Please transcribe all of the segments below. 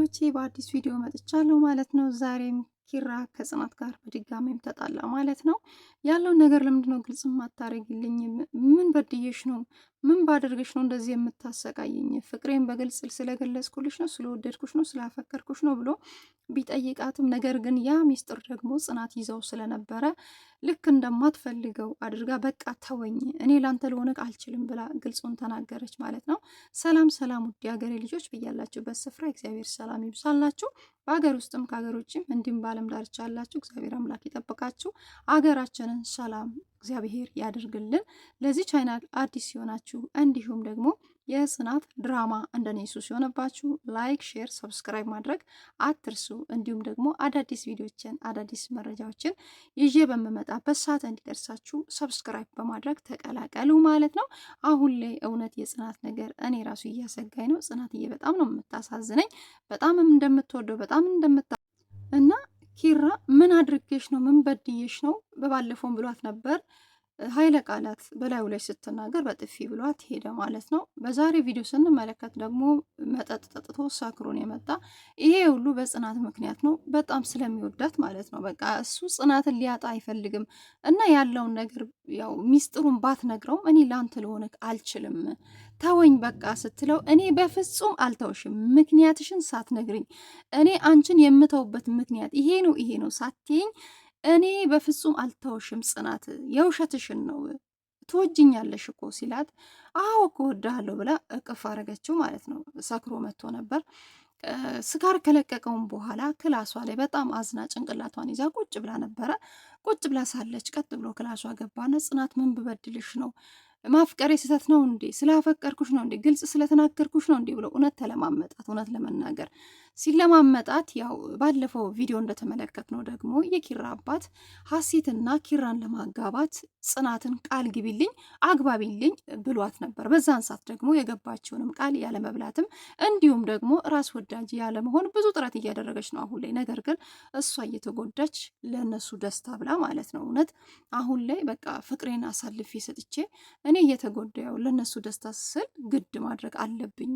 ውዶቼ በአዲስ ቪዲዮ መጥቻለሁ ማለት ነው። ዛሬም ኪራ ከጽናት ጋር በድጋሚም ተጣላ ማለት ነው። ያለውን ነገር ለምንድነው ግልጽ ማታደርግልኝ? ምን በድየሽ ነው? ምን ባደርግሽ ነው እንደዚህ የምታሰቃይኝ? ፍቅሬን በግልጽ ስለገለጽኩልሽ ነው፣ ስለወደድኩሽ ነው፣ ስላፈቀርኩሽ ነው ብሎ ቢጠይቃትም ነገር ግን ያ ሚስጥር ደግሞ ጽናት ይዘው ስለነበረ ልክ እንደማትፈልገው አድርጋ በቃ ተወኝ፣ እኔ ላንተ ልሆነ አልችልም ብላ ግልጹን ተናገረች ማለት ነው። ሰላም ሰላም፣ ውድ የሀገሬ ልጆች ብያላችሁበት ስፍራ እግዚአብሔር ሰላም ይብዛላችሁ። በሀገር ውስጥም ከሀገር ውጭም እንዲሁም በዓለም ዳርቻ ያላችሁ እግዚአብሔር አምላክ ይጠብቃችሁ። አገራችንን ሰላም እግዚአብሔር ያደርግልን። ለዚህ ቻናል አዲስ ሲሆናችሁ እንዲሁም ደግሞ የጽናት ድራማ እንደኔ ሱ ሲሆነባችሁ ላይክ፣ ሼር፣ ሰብስክራይብ ማድረግ አትርሱ። እንዲሁም ደግሞ አዳዲስ ቪዲዮችን አዳዲስ መረጃዎችን ይዤ በምመጣበት ሰዓት እንዲደርሳችሁ ሰብስክራይብ በማድረግ ተቀላቀሉ ማለት ነው። አሁን ላይ እውነት የጽናት ነገር እኔ ራሱ እያሰጋኝ ነው። ጽናትዬ በጣም ነው የምታሳዝነኝ። በጣም እንደምትወደው በጣም እንደምታ እና ኪራ ምን አድርጌሽ ነው? ምን በድዬሽ ነው? በባለፈውም ብሏት ነበር ኃይለ ቃላት በላዩ ላይ ስትናገር በጥፊ ብሏት ሄደ ማለት ነው። በዛሬ ቪዲዮ ስንመለከት ደግሞ መጠጥ ጠጥቶ ሰክሮን የመጣ ይሄ ሁሉ በጽናት ምክንያት ነው። በጣም ስለሚወዳት ማለት ነው። በቃ እሱ ጽናትን ሊያጣ አይፈልግም እና ያለውን ነገር ያው ሚስጥሩን ባትነግረውም እኔ ላንተ ልሆነ አልችልም ተወኝ በቃ ስትለው እኔ በፍጹም አልተውሽም፣ ምክንያትሽን ሳትነግሪኝ እኔ አንቺን የምተውበት ምክንያት ይሄ ነው ይሄ ነው ሳትኝ እኔ በፍጹም አልተውሽም ጽናት፣ የውሸትሽን ነው ትወጅኛለሽ እኮ ሲላት፣ አዎ እኮ እወድሃለሁ ብላ እቅፍ አረገችው ማለት ነው። ሰክሮ መጥቶ ነበር። ስካር ከለቀቀውም በኋላ ክላሷ ላይ በጣም አዝና ጭንቅላቷን ይዛ ቁጭ ብላ ነበረ። ቁጭ ብላ ሳለች ቀጥ ብሎ ክላሷ ገባና፣ ጽናት ምን ብበድልሽ ነው? ማፍቀሬ ስህተት ነው እንዴ? ስላፈቀርኩሽ ነው እንዴ? ግልጽ ስለተናገርኩሽ ነው እንዴ? ብሎ እውነት ተለማመጣት። እውነት ለመናገር ሲለማመጣት ያው ባለፈው ቪዲዮ እንደተመለከትነው ደግሞ የኪራ አባት ሀሴትና ኪራን ለማጋባት ጽናትን ቃል ግቢልኝ አግባቢልኝ ብሏት ነበር። በዛን ሰዓት ደግሞ የገባችውንም ቃል ያለመብላትም እንዲሁም ደግሞ ራስ ወዳጅ ያለመሆን ብዙ ጥረት እያደረገች ነው አሁን ላይ። ነገር ግን እሷ እየተጎዳች ለእነሱ ደስታ ብላ ማለት ነው። እውነት አሁን ላይ በቃ ፍቅሬን አሳልፌ ሰጥቼ እኔ እየተጎዳው ለእነሱ ደስታ ስል ግድ ማድረግ አለብኝ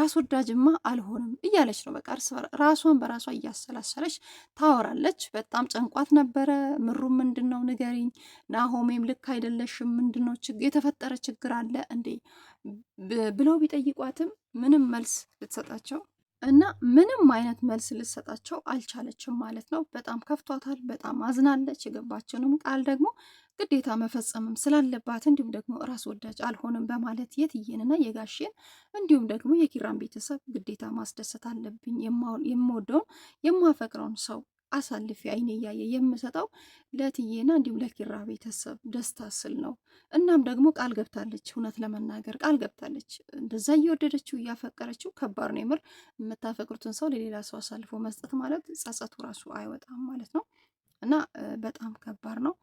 ራስ ወዳጅማ አልሆንም እያለች ነው በቃ በቃ ራሷን በራሷ እያሰላሰለች ታወራለች። በጣም ጨንቋት ነበረ። ምሩ ምንድን ነው ንገሪኝ፣ ናሆሜም ልክ አይደለሽም፣ ምንድን ነው የተፈጠረ ችግር አለ እንዴ ብለው ቢጠይቋትም ምንም መልስ ልትሰጣቸው እና ምንም አይነት መልስ ልትሰጣቸው አልቻለችም ማለት ነው። በጣም ከፍቷታል፣ በጣም አዝናለች። የገባችንም ቃል ደግሞ ግዴታ መፈጸምም ስላለባት እንዲሁም ደግሞ ራስ ወዳጅ አልሆንም በማለት የትዬንና የጋሼን እንዲሁም ደግሞ የኪራን ቤተሰብ ግዴታ ማስደሰት አለብኝ። የምወደውን የማፈቅረውን ሰው አሳልፌ አይኔ እያየ የምሰጠው ለትዬና እንዲሁም ለኪራ ቤተሰብ ደስታ ስል ነው እናም ደግሞ ቃል ገብታለች። እውነት ለመናገር ቃል ገብታለች። እንደዛ እየወደደችው እያፈቀረችው ከባድ ነው የምር። የምታፈቅሩትን ሰው ለሌላ ሰው አሳልፎ መስጠት ማለት ጸጸቱ ራሱ አይወጣም ማለት ነው እና በጣም ከባድ ነው።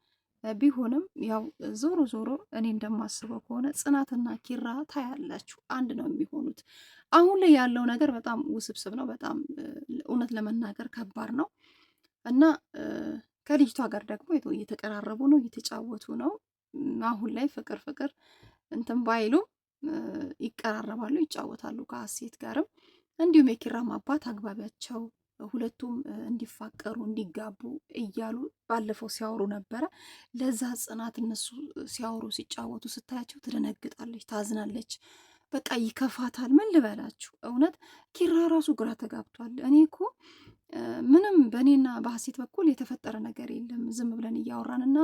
ቢሆንም ያው ዞሮ ዞሮ እኔ እንደማስበው ከሆነ ጽናትና ኪራ ታያላችሁ፣ አንድ ነው የሚሆኑት። አሁን ላይ ያለው ነገር በጣም ውስብስብ ነው። በጣም እውነት ለመናገር ከባድ ነው እና ከልጅቷ ጋር ደግሞ እየተቀራረቡ ነው፣ እየተጫወቱ ነው። አሁን ላይ ፍቅር ፍቅር እንትን ባይሉ ይቀራረባሉ፣ ይጫወታሉ ከሀሴት ጋርም እንዲሁም የኪራም አባት አግባቢያቸው ሁለቱም እንዲፋቀሩ እንዲጋቡ እያሉ ባለፈው ሲያወሩ ነበረ። ለዛ ጽናት እነሱ ሲያወሩ ሲጫወቱ ስታያቸው ትደነግጣለች፣ ታዝናለች፣ በቃ ይከፋታል። ምን ልበላችሁ እውነት ኪራ ራሱ ግራ ተጋብቷል። እኔ እኮ ምንም በእኔና በሀሴት በኩል የተፈጠረ ነገር የለም ዝም ብለን እያወራን እና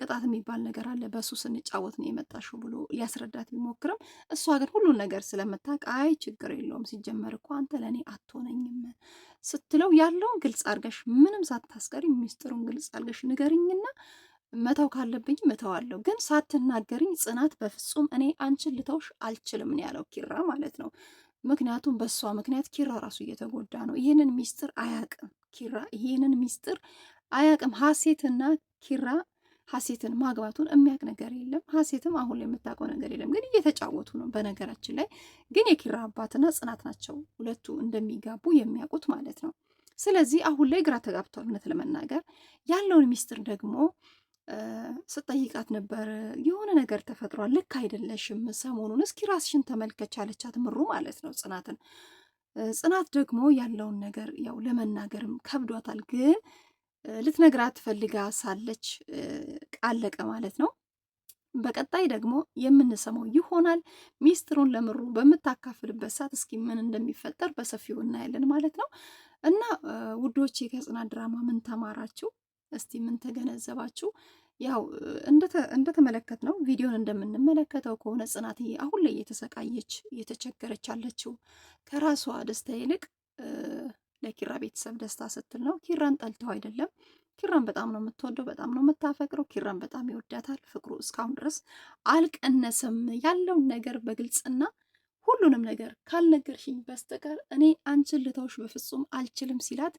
ቅጣት የሚባል ነገር አለ፣ በእሱ ስንጫወት ነው የመጣሽው ብሎ ሊያስረዳት ቢሞክርም እሷ ግን ሁሉን ነገር ስለምታውቅ አይ ችግር የለውም ሲጀመር እኮ አንተ ለእኔ አትሆነኝም ስትለው ያለውን ግልጽ አድርገሽ ምንም ሳታስቀሪ ሚስጥሩን ግልጽ አድርገሽ ንገርኝና መተው ካለብኝ አለው ግን ሳትናገርኝ ጽናት በፍጹም እኔ አንቺን ልተውሽ አልችልም ነው ያለው ኪራ ማለት ነው። ምክንያቱም በእሷ ምክንያት ኪራ ራሱ እየተጎዳ ነው። ይህንን ሚስጥር አያቅም ኪራ፣ ይህንን ሚስጥር አያቅም ሀሴትና ኪራ ሀሴትን ማግባቱን የሚያውቅ ነገር የለም። ሀሴትም አሁን ላይ የምታውቀው ነገር የለም። ግን እየተጫወቱ ነው። በነገራችን ላይ ግን የኪራ አባትና ጽናት ናቸው ሁለቱ እንደሚጋቡ የሚያውቁት ማለት ነው። ስለዚህ አሁን ላይ ግራ ተጋብቷል። እውነት ለመናገር ያለውን ሚስጥር ደግሞ ስጠይቃት ነበር። የሆነ ነገር ተፈጥሯል፣ ልክ አይደለሽም፣ ሰሞኑን እስኪ ራስሽን ተመልከች አለቻት ምሩ ማለት ነው ጽናትን። ጽናት ደግሞ ያለውን ነገር ያው ለመናገርም ከብዷታል ግን ልትነግራት ትፈልጋ ሳለች ቃለቀ ማለት ነው። በቀጣይ ደግሞ የምንሰማው ይሆናል። ሚስጥሩን ለምሩ በምታካፍልበት ሰዓት እስኪ ምን እንደሚፈጠር በሰፊው እናያለን ማለት ነው። እና ውዶቼ ከጽናት ድራማ ምን ተማራችሁ? እስቲ ምን ተገነዘባችሁ? ያው እንደተመለከት ነው ቪዲዮን እንደምንመለከተው ከሆነ ጽናት አሁን ላይ እየተሰቃየች እየተቸገረች አለችው ከራሷ ደስታ ይልቅ ለኪራ ቤተሰብ ደስታ ስትል ነው። ኪራን ጠልተው አይደለም። ኪራን በጣም ነው የምትወደው፣ በጣም ነው የምታፈቅረው። ኪራን በጣም ይወዳታል። ፍቅሩ እስካሁን ድረስ አልቀነሰም። ያለውን ነገር በግልጽና ሁሉንም ነገር ካልነገርሽኝ በስተቀር እኔ አንቺን ልተውሽ በፍጹም አልችልም ሲላት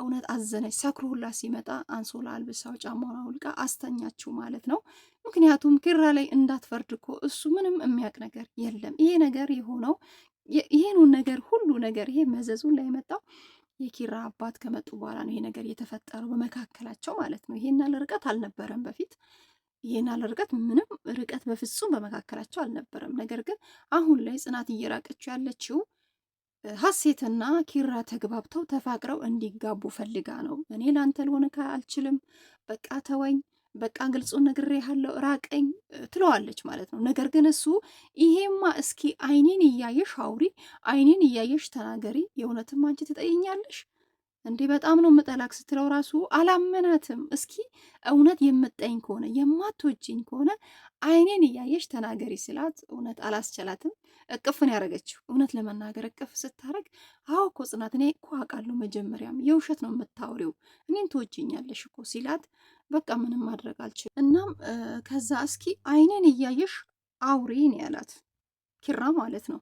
እውነት አዘነች። ሰክሮ ሁላ ሲመጣ አንሶላ አልብሳው ጫማውን አውልቃ አስተኛችው ማለት ነው። ምክንያቱም ኪራ ላይ እንዳትፈርድ እኮ እሱ ምንም የሚያውቅ ነገር የለም። ይሄ ነገር የሆነው ይሄኑን ነገር ሁሉ ነገር ይሄ መዘዙን ላይ መጣው የኪራ አባት ከመጡ በኋላ ነው ይሄ ነገር የተፈጠረው በመካከላቸው ማለት ነው። ይሄን ያህል ርቀት አልነበረም በፊት ይሄን ያህል ርቀት ምንም ርቀት በፍጹም በመካከላቸው አልነበረም። ነገር ግን አሁን ላይ ጽናት እየራቀችው ያለችው ሀሴትና ኪራ ተግባብተው ተፋቅረው እንዲጋቡ ፈልጋ ነው። እኔ ለአንተ ልሆን አልችልም፣ በቃ ተወኝ፣ በቃ ግልጹን ነግሬሃለሁ ራቀኝ ትለዋለች ማለት ነው። ነገር ግን እሱ ይሄማ እስኪ አይኔን እያየሽ አውሪ፣ አይኔን እያየሽ ተናገሪ፣ የእውነትም አንቺ ትጠይኛለሽ እንዲህ በጣም ነው የምጠላክ ስትለው ራሱ አላመናትም። እስኪ እውነት የምጠኝ ከሆነ የማትወጅኝ ከሆነ አይኔን እያየሽ ተናገሪ ስላት እውነት አላስቻላትም። እቅፍን ያደረገችው እውነት ለመናገር እቅፍ ስታደረግ አዎ እኮ ጽናት፣ እኔ እኮ አውቃለሁ መጀመሪያም የውሸት ነው የምታወሪው፣ እኔን ትወጅኛለሽ እኮ ሲላት በቃ ምንም ማድረግ አልችልም። እናም ከዛ እስኪ አይኔን እያየሽ አውሪን ያላት ኪራ ማለት ነው።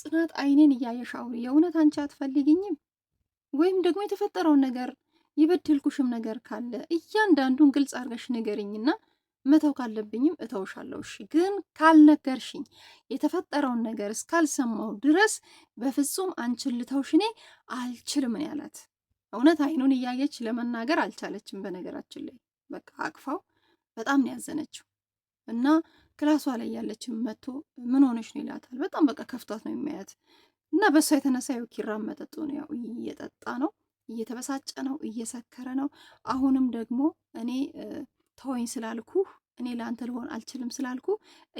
ጽናት አይኔን እያየሽ አውሪ፣ የእውነት አንቺ አትፈልግኝም ወይም ደግሞ የተፈጠረውን ነገር የበደልኩሽም ነገር ካለ እያንዳንዱን ግልጽ አድርገሽ ነገርኝና መተው ካለብኝም እተውሻለሁ። እሺ፣ ግን ካልነገርሽኝ የተፈጠረውን ነገር እስካልሰማው ድረስ በፍጹም አንቺን ልተውሽ እኔ አልችልም ነው ያላት። እውነት አይኑን እያየች ለመናገር አልቻለችም። በነገራችን ላይ በቃ አቅፋው በጣም ነው ያዘነችው እና ክላሷ ላይ ያለችን መጥቶ ምን ሆነሽ ነው ይላታል። በጣም በቃ ከፍቷት ነው የሚያያት። እና በእሷ የተነሳ ያው ኪራም መጠጡን ያው እየጠጣ ነው፣ እየተበሳጨ ነው፣ እየሰከረ ነው። አሁንም ደግሞ እኔ ተወኝ ስላልኩ እኔ ለአንተ ልሆን አልችልም ስላልኩ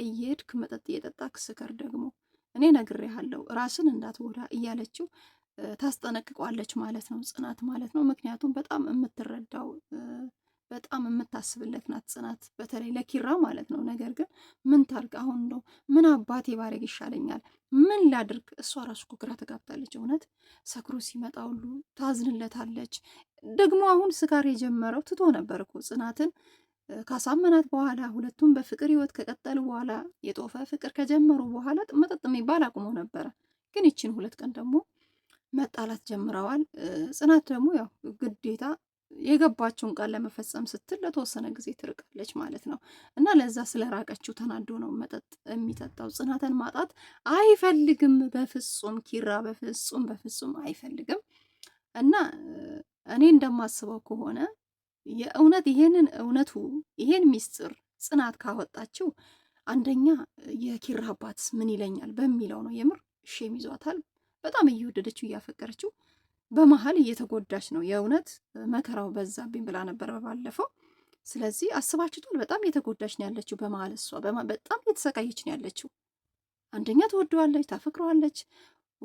እየሄድክ መጠጥ እየጠጣ ክስከር ደግሞ እኔ ነግሬሃለሁ ራስን እንዳትጎዳ እያለችው ታስጠነቅቋለች ማለት ነው፣ ጽናት ማለት ነው። ምክንያቱም በጣም የምትረዳው በጣም የምታስብለት ናት ጽናት፣ በተለይ ለኪራ ማለት ነው። ነገር ግን ምን ታርግ አሁን እንደው ምን አባቴ ባረግ ይሻለኛል፣ ምን ላድርግ? እሷ ራሱ እኮ ግራ ተጋብታለች። እውነት ሰክሮ ሲመጣ ሁሉ ታዝንለታለች። ደግሞ አሁን ስካር የጀመረው ትቶ ነበር እኮ ጽናትን ካሳመናት በኋላ ሁለቱም በፍቅር ህይወት ከቀጠሉ በኋላ የጦፈ ፍቅር ከጀመሩ በኋላ መጠጥ የሚባል አቁሞ ነበረ። ግን ይችን ሁለት ቀን ደግሞ መጣላት ጀምረዋል። ጽናት ደግሞ ያው ግዴታ የገባችውን ቃል ለመፈጸም ስትል ለተወሰነ ጊዜ ትርቃለች ማለት ነው። እና ለዛ ስለራቀችው ተናዶ ነው መጠጥ የሚጠጣው። ጽናትን ማጣት አይፈልግም በፍጹም ኪራ፣ በፍጹም በፍጹም አይፈልግም። እና እኔ እንደማስበው ከሆነ የእውነት ይሄንን እውነቱ ይሄን ሚስጥር ጽናት ካወጣችው አንደኛ የኪራ አባት ምን ይለኛል በሚለው ነው። የምር ሼም ይዟታል። በጣም እየወደደችው እያፈቀረችው በመሀል እየተጎዳች ነው። የእውነት መከራው በዛብኝ ብላ ነበር በባለፈው። ስለዚህ አስባችሁታል። በጣም እየተጎዳች ነው ያለችው በመሀል እሷ በጣም እየተሰቃየች ነው ያለችው። አንደኛ ትወደዋለች፣ ታፈቅረዋለች።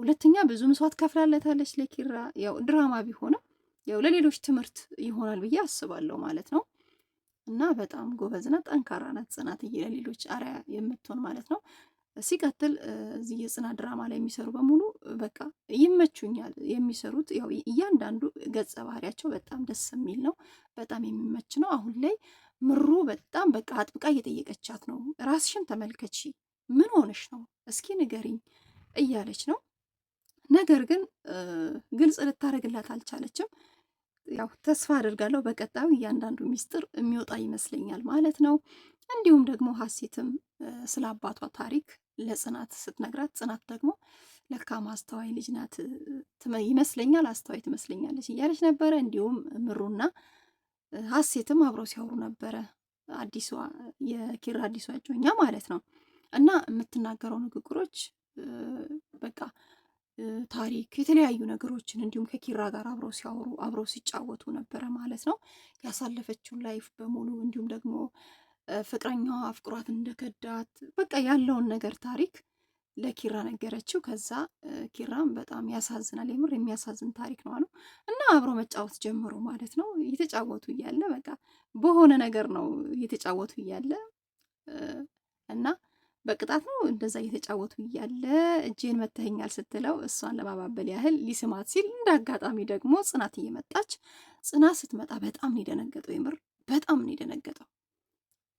ሁለተኛ ብዙ ምስዋት ከፍላለታለች ለኪራ። ያው ድራማ ቢሆንም ያው ለሌሎች ትምህርት ይሆናል ብዬ አስባለሁ ማለት ነው። እና በጣም ጎበዝና ጠንካራ ናት ጽናትዬ፣ ለሌሎች አርአያ የምትሆን ማለት ነው። ሲቀጥል እዚህ የጽናት ድራማ ላይ የሚሰሩ በሙሉ በቃ ይመቹኛል። የሚሰሩት ያው እያንዳንዱ ገጸ ባህሪያቸው በጣም ደስ የሚል ነው፣ በጣም የሚመች ነው። አሁን ላይ ምሩ በጣም በቃ አጥብቃ እየጠየቀቻት ነው። ራስሽን ተመልከቺ፣ ምን ሆነሽ ነው? እስኪ ንገሪኝ እያለች ነው። ነገር ግን ግልጽ ልታደርግላት አልቻለችም። ያው ተስፋ አድርጋለሁ በቀጣዩ እያንዳንዱ ሚስጥር የሚወጣ ይመስለኛል ማለት ነው። እንዲሁም ደግሞ ሀሴትም ስለ አባቷ ታሪክ ለጽናት ስትነግራት ጽናት ደግሞ ለካ ማስተዋይ ልጅ ናት ይመስለኛል፣ አስተዋይ ትመስለኛለች እያለች ነበረ። እንዲሁም ምሩና ሀሴትም አብረው ሲያወሩ ነበረ። አዲሷ የኪራ አዲሷ እጮኛ ማለት ነው። እና የምትናገረው ንግግሮች በቃ ታሪክ፣ የተለያዩ ነገሮችን እንዲሁም ከኪራ ጋር አብረው ሲያወሩ አብረው ሲጫወቱ ነበረ ማለት ነው። ያሳለፈችውን ላይፍ በሙሉ እንዲሁም ደግሞ ፍቅረኛዋ አፍቅሯት እንደከዳት በቃ ያለውን ነገር ታሪክ ለኪራ ነገረችው። ከዛ ኪራም በጣም ያሳዝናል፣ የምር የሚያሳዝን ታሪክ ነው አሉ እና አብሮ መጫወት ጀምሮ ማለት ነው። እየተጫወቱ እያለ በቃ በሆነ ነገር ነው እየተጫወቱ እያለ እና በቅጣት ነው እንደዛ እየተጫወቱ እያለ እጄን መተኛል ስትለው እሷን ለማባበል ያህል ሊስማት ሲል እንደ አጋጣሚ ደግሞ ጽናት እየመጣች ጽናት ስትመጣ በጣም ነው የደነገጠው። የምር በጣም ነው የደነገጠው።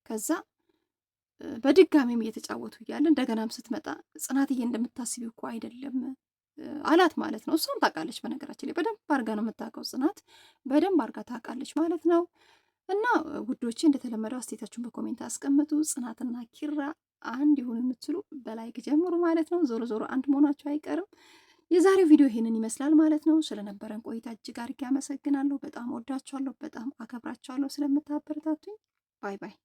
ከዛ በድጋሚም እየተጫወቱ እያለ እንደገናም ስትመጣ ጽናትዬ እንደምታስቢው እኮ አይደለም አላት ማለት ነው። እሷም ታውቃለች። በነገራችን ላይ በደንብ አርጋ ነው የምታውቀው ጽናት በደንብ አርጋ ታውቃለች ማለት ነው። እና ውዶቼ እንደተለመደው አስተያየታችሁን በኮሜንት አስቀምጡ። ጽናትና ኪራ አንድ ይሁን የምትሉ በላይክ ጀምሩ ማለት ነው። ዞሮ ዞሮ አንድ መሆናቸው አይቀርም። የዛሬው ቪዲዮ ይሄንን ይመስላል ማለት ነው። ስለነበረን ቆይታ እጅግ አርጌ አመሰግናለሁ። በጣም ወዳችኋለሁ፣ በጣም አከብራችኋለሁ ስለምታበረታቱኝ። ባይ ባይ